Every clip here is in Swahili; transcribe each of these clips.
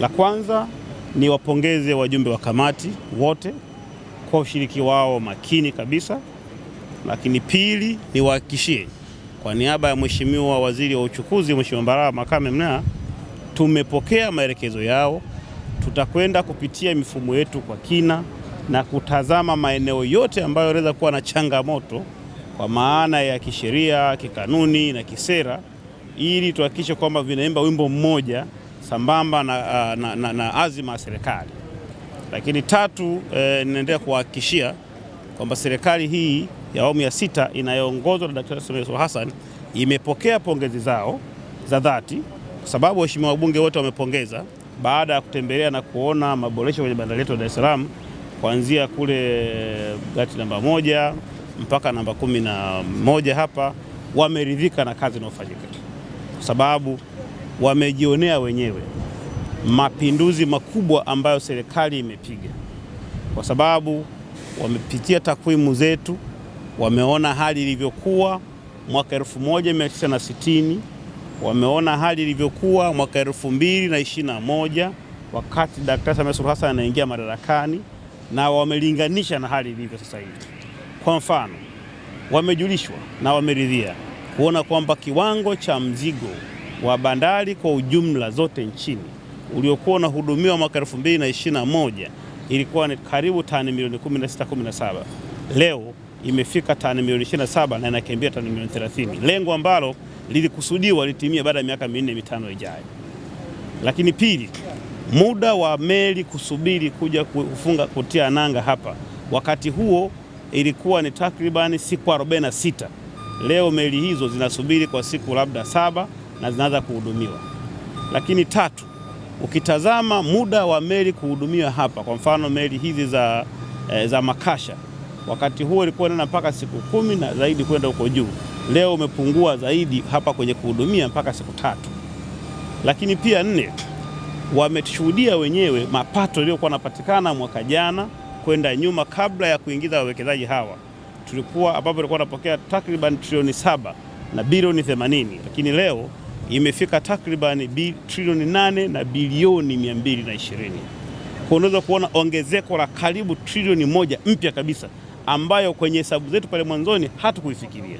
La kwanza ni wapongeze wajumbe wa kamati wote kwa ushiriki wao makini kabisa, lakini pili ni kwa niaba ya Mheshimiwa Waziri wa Uchukuzi, Mheshimiwa Mbarawa Makame Mnaa, tumepokea maelekezo yao. Tutakwenda kupitia mifumo yetu kwa kina na kutazama maeneo yote ambayo yanaweza kuwa na changamoto kwa maana ya kisheria, kikanuni na kisera, ili tuhakikishe kwamba vinaimba wimbo mmoja sambamba na, ah, na, na, na azima ya serikali. Lakini tatu, eh, ninaendelea kuhakikishia kwamba serikali hii ya awamu ya sita inayoongozwa na Daktari Samia Suluhu Hassan imepokea pongezi zao za dhati, kwa sababu waheshimiwa wabunge wote wamepongeza baada ya kutembelea na kuona maboresho kwenye bandari yetu ya Dar es Salaam kuanzia kule eh, gati namba moja mpaka namba kumi na moja hapa wameridhika na kazi inayofanyika kwa sababu wamejionea wenyewe mapinduzi makubwa ambayo serikali imepiga, kwa sababu wamepitia takwimu zetu, wameona hali ilivyokuwa mwaka 1960 wameona hali ilivyokuwa mwaka 2021 wakati Daktari Samia Suluhu Hassan anaingia madarakani, na wamelinganisha na hali ilivyo sasa hivi. Kwa mfano, wamejulishwa na wameridhia kuona kwamba kiwango cha mzigo wa bandari kwa ujumla zote nchini uliokuwa unahudumiwa mwaka 2021 ilikuwa ni karibu tani milioni 16 17, leo imefika tani milioni 27 na inakimbia tani milioni 30, lengo ambalo lilikusudiwa litimie baada ya miaka minne mitano ijayo. Lakini pili, muda wa meli kusubiri kuja kufunga kutia nanga hapa, wakati huo ilikuwa ni takribani siku 46. Leo meli hizo zinasubiri kwa siku labda saba na zinaanza kuhudumiwa. Lakini tatu, ukitazama muda wa meli kuhudumiwa hapa, kwa mfano meli hizi za, e, za makasha wakati huo ilikuwa inaenda mpaka siku kumi na zaidi kwenda huko juu. Leo umepungua zaidi hapa kwenye kuhudumia mpaka siku tatu. Lakini pia nne, wametushuhudia wenyewe mapato yaliyokuwa yanapatikana mwaka jana kwenda nyuma, kabla ya kuingiza wawekezaji hawa, tulikuwa ambapo tulikuwa tunapokea takriban trilioni saba na bilioni 80 lakini leo imefika takribani trilioni 8 na bilioni ishirini. Kwa unaweza kuona ongezeko la karibu trilioni moja mpya kabisa ambayo kwenye hesabu zetu pale mwanzoni hatukuifikiria.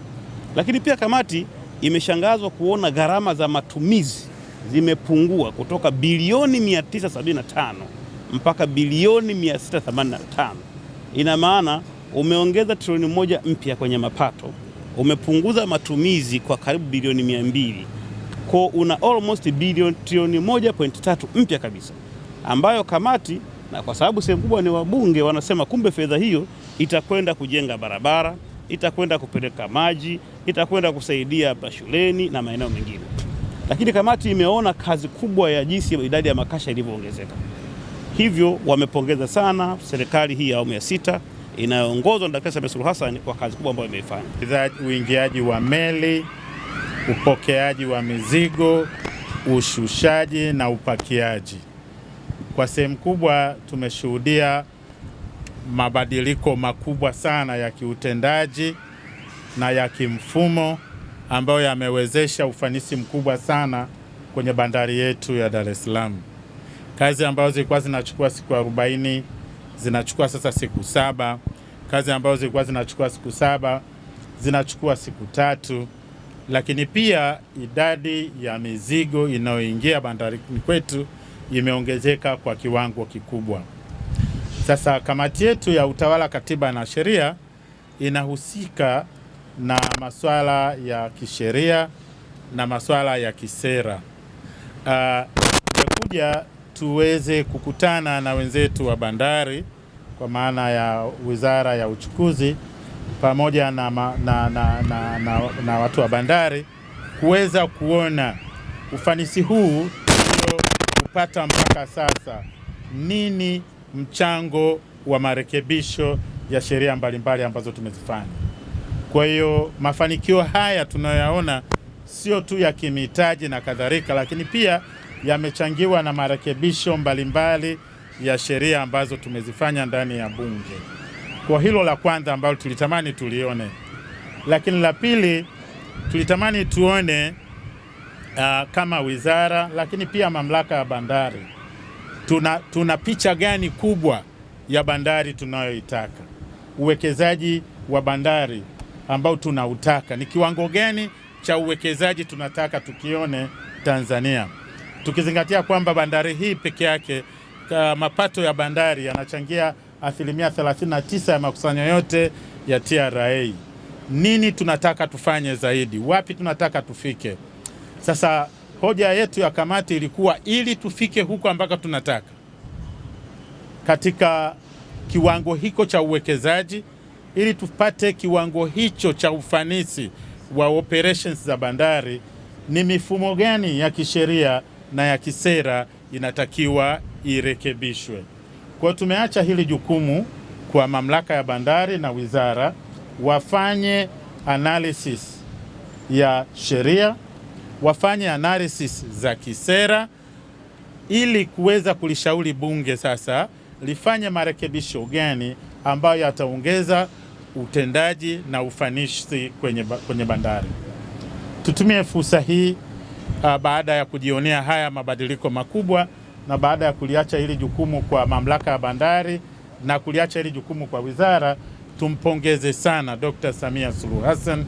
Lakini pia kamati imeshangazwa kuona gharama za matumizi zimepungua kutoka bilioni 975 mpaka bilioni 685. Ina maana umeongeza trilioni moja mpya kwenye mapato, umepunguza matumizi kwa karibu bilioni mbili kwa una almost bilioni trilioni 1.3 mpya kabisa, ambayo kamati na kwa sababu sehemu kubwa ni wabunge wanasema kumbe fedha hiyo itakwenda kujenga barabara, itakwenda kupeleka maji, itakwenda kusaidia shuleni na maeneo mengine. Lakini kamati imeona kazi kubwa ya jinsi idadi ya makasha ilivyoongezeka, hivyo wamepongeza sana serikali hii ya awamu ya sita inayoongozwa na Daktari Samia Suluhu Hassan kwa kazi kubwa ambayo imeifanya. Uingiaji wa meli upokeaji wa mizigo, ushushaji na upakiaji. Kwa sehemu kubwa tumeshuhudia mabadiliko makubwa sana ya kiutendaji na ya kimfumo ambayo yamewezesha ufanisi mkubwa sana kwenye bandari yetu ya Dar es Salaam. Kazi ambazo zilikuwa zinachukua siku 40 zinachukua sasa siku saba. Kazi ambazo zilikuwa zinachukua siku saba zinachukua siku tatu lakini pia idadi ya mizigo inayoingia bandarini kwetu imeongezeka kwa kiwango kikubwa. Sasa kamati yetu ya utawala, katiba na sheria inahusika na masuala ya kisheria na masuala ya kisera. Ah, tumekuja uh, tuweze kukutana na wenzetu wa bandari kwa maana ya Wizara ya Uchukuzi pamoja na, na, na, na, na, na, na watu wa bandari kuweza kuona ufanisi huu tuliopata mpaka sasa, nini mchango wa marekebisho ya sheria mbalimbali ambazo tumezifanya. Kwa hiyo mafanikio haya tunayoyaona sio tu ya kimitaji na kadhalika, lakini pia yamechangiwa na marekebisho mbalimbali ya sheria ambazo tumezifanya ndani ya Bunge. Kwa hilo la kwanza ambalo tulitamani tulione, lakini la pili tulitamani tuone uh, kama wizara lakini pia mamlaka ya bandari tuna, tuna picha gani kubwa ya bandari tunayoitaka, uwekezaji wa bandari ambao tunautaka ni kiwango gani cha uwekezaji tunataka tukione Tanzania, tukizingatia kwamba bandari hii peke yake, uh, mapato ya bandari yanachangia asilimia 39 ya makusanyo yote ya TRA. Nini tunataka tufanye zaidi? Wapi tunataka tufike? Sasa hoja yetu ya kamati ilikuwa ili tufike huko ambako tunataka katika kiwango hicho cha uwekezaji, ili tupate kiwango hicho cha ufanisi wa operations za bandari, ni mifumo gani ya kisheria na ya kisera inatakiwa irekebishwe? Kwa tumeacha hili jukumu kwa mamlaka ya bandari na wizara wafanye analysis ya sheria, wafanye analysis za kisera ili kuweza kulishauri bunge sasa lifanye marekebisho gani ambayo yataongeza utendaji na ufanisi kwenye, kwenye bandari. Tutumie fursa hii ah, baada ya kujionea haya mabadiliko makubwa na baada ya kuliacha hili jukumu kwa mamlaka ya bandari na kuliacha hili jukumu kwa wizara, tumpongeze sana Dr. Samia Suluhu Hassan,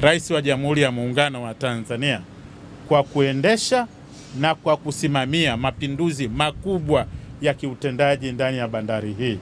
Rais wa Jamhuri ya Muungano wa Tanzania kwa kuendesha na kwa kusimamia mapinduzi makubwa ya kiutendaji ndani ya bandari hii.